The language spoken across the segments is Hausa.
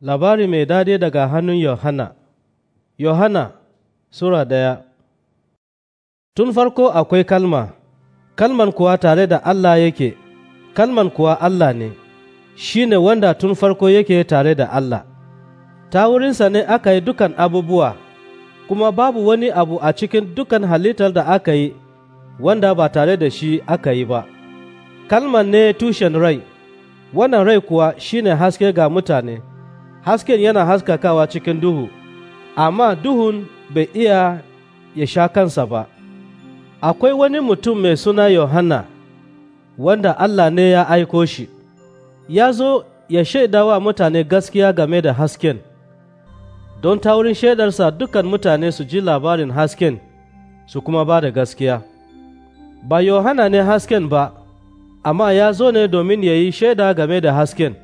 Labari mai daɗi daga hannun Yohana Yohana Sura ɗaya Tun farko akwai kalma, kalman kuwa tare da Allah yake, kalman kuwa Allah ne, shi ne wanda tun farko yake tare da Allah. Ta wurinsa ne aka yi dukan abubuwa, kuma babu wani abu a cikin dukan halittar da aka yi, wanda ba tare da shi aka yi ba. Kalman ne tushen rai, wannan rai kuwa shi ne haske ga mutane. hasken yana haskakawa cikin duhu, amma duhun bai iya ya sha kansa ba. Akwai wani mutum mai suna yohanna wanda Allah ne ya aiko shi, ya zo ya shaida wa mutane gaskiya game da hasken, don ta wurin shaidarsa dukan mutane su ji labarin hasken su kuma ba da gaskiya. Ba Yohana ne hasken ba, amma ya zo ne domin ya yi shaida game da hasken,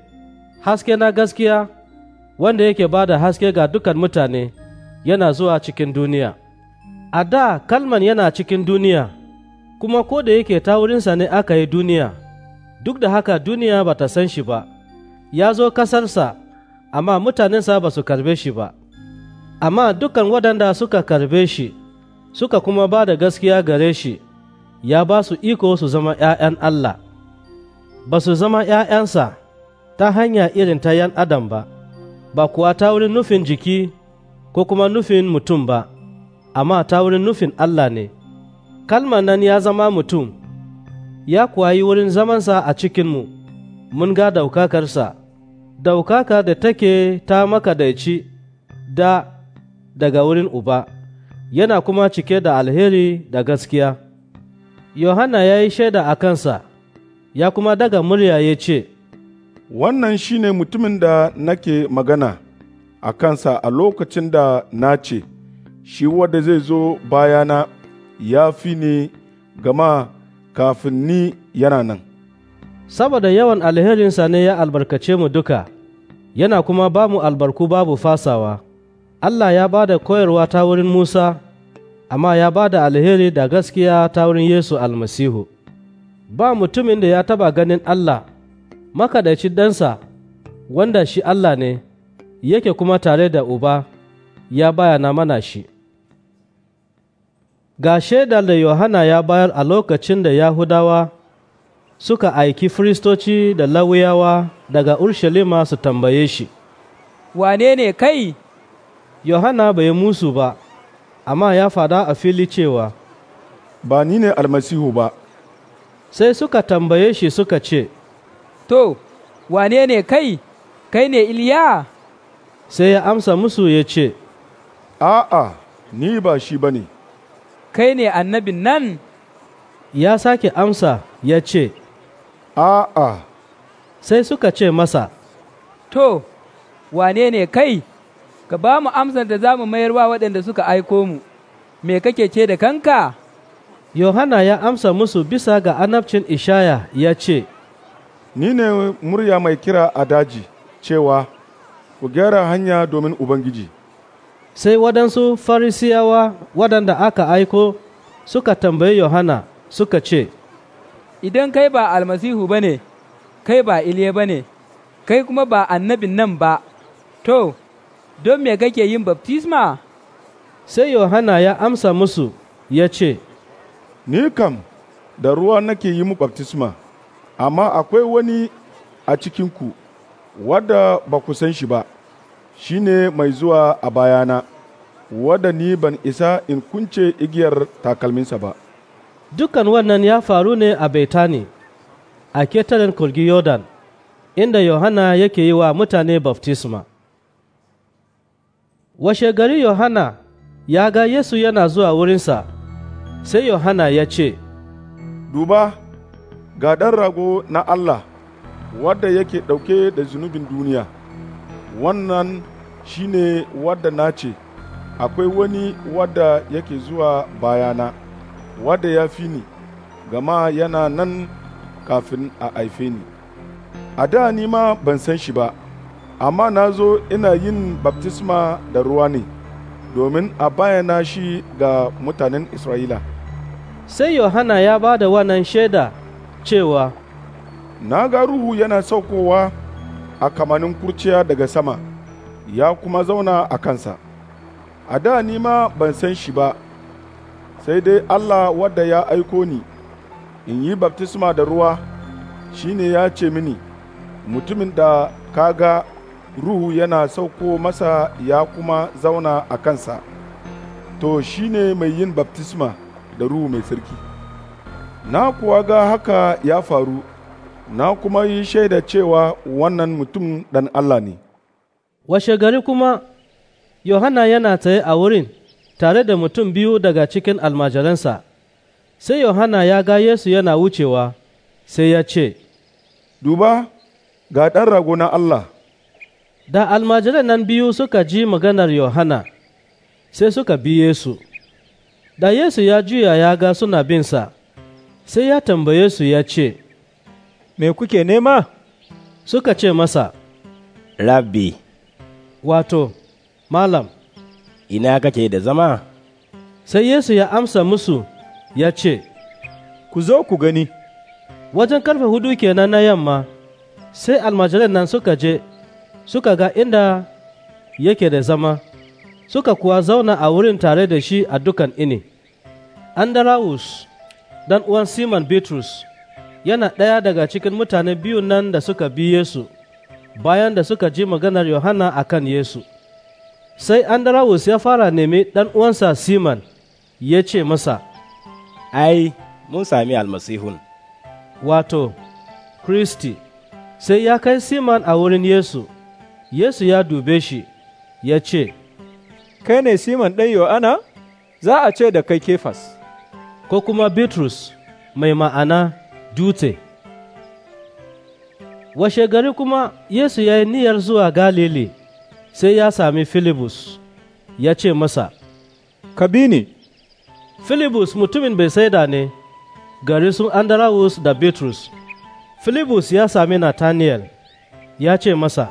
haske na gaskiya wanda yake ba da haske ga dukan mutane yana zuwa cikin duniya. A da kalman yana cikin duniya, kuma ko da yake ta wurinsa ne aka yi duniya, duk da haka duniya ba ta san shi ba, ya zo kasarsa, amma mutanensa ba su karbe shi ba. Amma dukan waɗanda suka karbe shi, suka kuma ba da gaskiya gare shi, ya ba su iko su zama ‘ya'yan Allah, ba su zama ‘ya'yansa ta hanya irin ta ‘yan Adam ba. ba kuwa ta wurin nufin jiki ko kuma nufin mutum ba, amma ta wurin nufin Allah ne. Kalman nan ya zama mutum, ya kuwa yi wurin zamansa a cikinmu, mun ga daukakarsa, daukaka da take ta makadaici da daga wurin Uba, yana kuma cike da alheri da gaskiya. Yohana ya yi shaida a kansa, ya kuma daga murya ya ce, Wannan shi ne mutumin da nake magana a kansa a lokacin da na ce, Shi wanda zai zo bayana ya fi ni gama kafin ni yana nan. Saboda yawan alherinsa ne ya albarkace mu duka, yana kuma ba mu albarku babu fasawa. Allah ya ba da koyarwa ta wurin Musa, amma ya ba da alheri da gaskiya ta wurin Yesu almasihu. Ba mutumin da ya taba ganin Allah. makadaci ɗansa wanda shi Allah ne yake kuma tare da uba ya bayana mana shi ga shaidar da Yohana ya bayar a lokacin da Yahudawa suka aiki firistoci da lawuyawa daga Urshalima su tambaye shi wane ne kai Yohana bai musu ba amma ya fada a fili cewa ba ni ne almasihu ba sai suka tambaye shi suka ce To, wane ne kai, kai ne Iliya? Sai ya amsa musu ya ce, A'a, ni ba shi ba ne. Kai ne annabin nan? Ya sake amsa ya ce, A'a. Sai suka ce masa, To, wane ne kai, ka ba mu amsar da za mu mayarwa waɗanda suka aiko mu, me kake ce da kanka? Yohana ya amsa musu bisa ga anabcin Ishaya ya ce, Ni ne murya mai kira a daji cewa, Ku gyara hanya domin Ubangiji. Sai waɗansu farisiyawa waɗanda aka aiko suka tambayi Yohana suka ce, Idan kai ba almasihu ba ne, kai ba Iliya ba ne, kai kuma ba annabin nan ba, to, don me kake yin Baptisma? Sai Yohana ya amsa musu ya ce, Ni kam, da ruwa nake yi mu Baptisma. amma akwai wani a cikinku wadda ba ku san shi ba, shi ne mai zuwa a bayana, wadda ni ban isa in kunce igiyar takalminsa ba. Dukkan wannan ya faru ne a Betani, a ketaren Kogi Yordan, inda Yohana yake yi wa mutane baftisma. Washe gari Yohana ya ga Yesu yana zuwa wurinsa, sai Yohana ya ce, Duba! ga ɗan rago na Allah wadda yake ɗauke da zunubin duniya wannan shi ne wadda na ce akwai wani wadda yake zuwa bayana wadda ya fi ni gama yana nan kafin a haife ni a da ni ma ban san shi ba amma na zo ina yin baptisma da ruwa ne domin a bayana shi ga mutanen isra'ila sai yohana ya ba da wannan shaida cewa, Na ga Ruhu yana saukowa a kamanin kurciya daga sama, ya kuma zauna a kansa. A da ni ma ban san shi ba, sai dai Allah wadda ya aiko ni, in yi baptisma da ruwa, shi ne ya ce mini, mutumin da kaga Ruhu yana sauko masa ya kuma zauna a kansa, to shi ne mai yin baptisma da Ruhu mai sarki. na kuwa ga haka ya faru na kuma yi shaida cewa wannan mutum dan Allah ne. Washe gari kuma, Yohana yana tsaye a wurin tare da mutum biyu daga cikin almajiransa, sai Yohana ya ga Yesu yana wucewa sai ya ce, Duba, ga ɗan rago na Allah. Da almajiran nan biyu suka ji maganar Yohana, sai suka bi Yesu. Da Yesu ya juya ya ga suna binsa, sai ya tambaye su ya ce, Me kuke nema? Suka ce masa, Rabbi, wato, Malam, ina kake da zama? Sai Yesu ya amsa musu ya ce, Ku zo ku gani. Wajen karfe hudu kenan na yamma, sai almajiran nan suka je, suka ga inda yake da zama, suka kuwa zauna a wurin tare da shi a dukan ini. Andalus. dan uwan simon Bitrus, yana ɗaya daga cikin mutane biyu nan da suka bi Yesu, bayan da suka ji maganar Yohana a kan Yesu. Sai Andarawus ya fara nemi ɗan uwansa simon ya ce masa, Ai, mun sami almasihun. Wato, Kristi, sai ya kai simon a wurin Yesu, Yesu ya dube shi, ya ce, Kai ne simon ɗan Yohana? Za a ce da kai kefas. ko kuma Bitrus mai ma'ana dutse. Washe gari kuma Yesu ya yi niyyar zuwa Galili sai ya sami Filibus ya ce masa, Ka ni. Filibus mutumin bai saida ne, gari sun Andarawus da Bitrus. Filibus ya sami Nathaniel ya ce masa,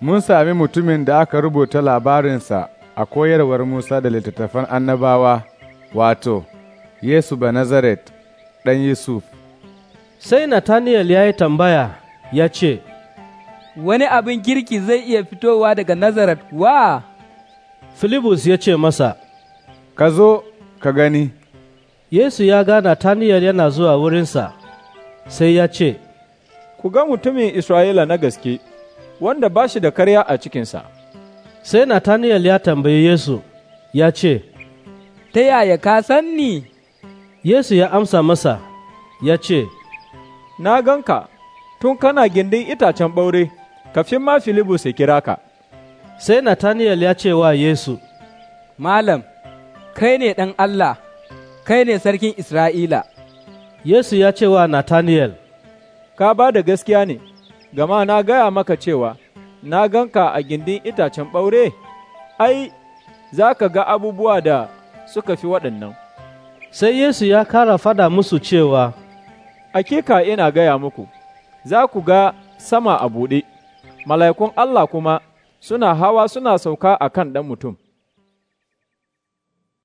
Mun sami mutumin da aka rubuta labarinsa a koyarwar Musa da littattafan annabawa, wato, Yesu ba Nazaret, ɗan Yusuf. Sai Nataniyal ya yi tambaya ya ce, Wani abin girki zai iya fitowa daga Nazaret wa? Filibus ya ce masa, Ka zo ka gani. Yesu ya ga Nataniyel yana zuwa wurinsa, sai ya ce, Ku ga mutumin Isra'ila na gaske, wanda ba shi da karya a cikinsa. Sai Nataniyal ya tambayi Yesu, ya ce, Ta yaya ka san ni? Yesu ya amsa masa ya ce, Na ganka tun kana gindin itacen ɓaure, kafin ma Filibus ya kira ka. Sai Nataniyal ya ce wa Yesu, Malam, kai ne ɗan Allah, kai ne sarkin Isra'ila. Yesu ya ce wa Nataniyal, Ka ba da gaskiya ne, gama na gaya maka cewa, Na ganka a gindin itacen ɓaure, ai, za ka ga abubuwa da suka fi waɗannan. Sai Yesu ya kara fada musu cewa, Akeka ina gaya muku, za ku ga sama a buɗe, mala'ikun Allah kuma suna hawa suna sauka a kan ɗan mutum.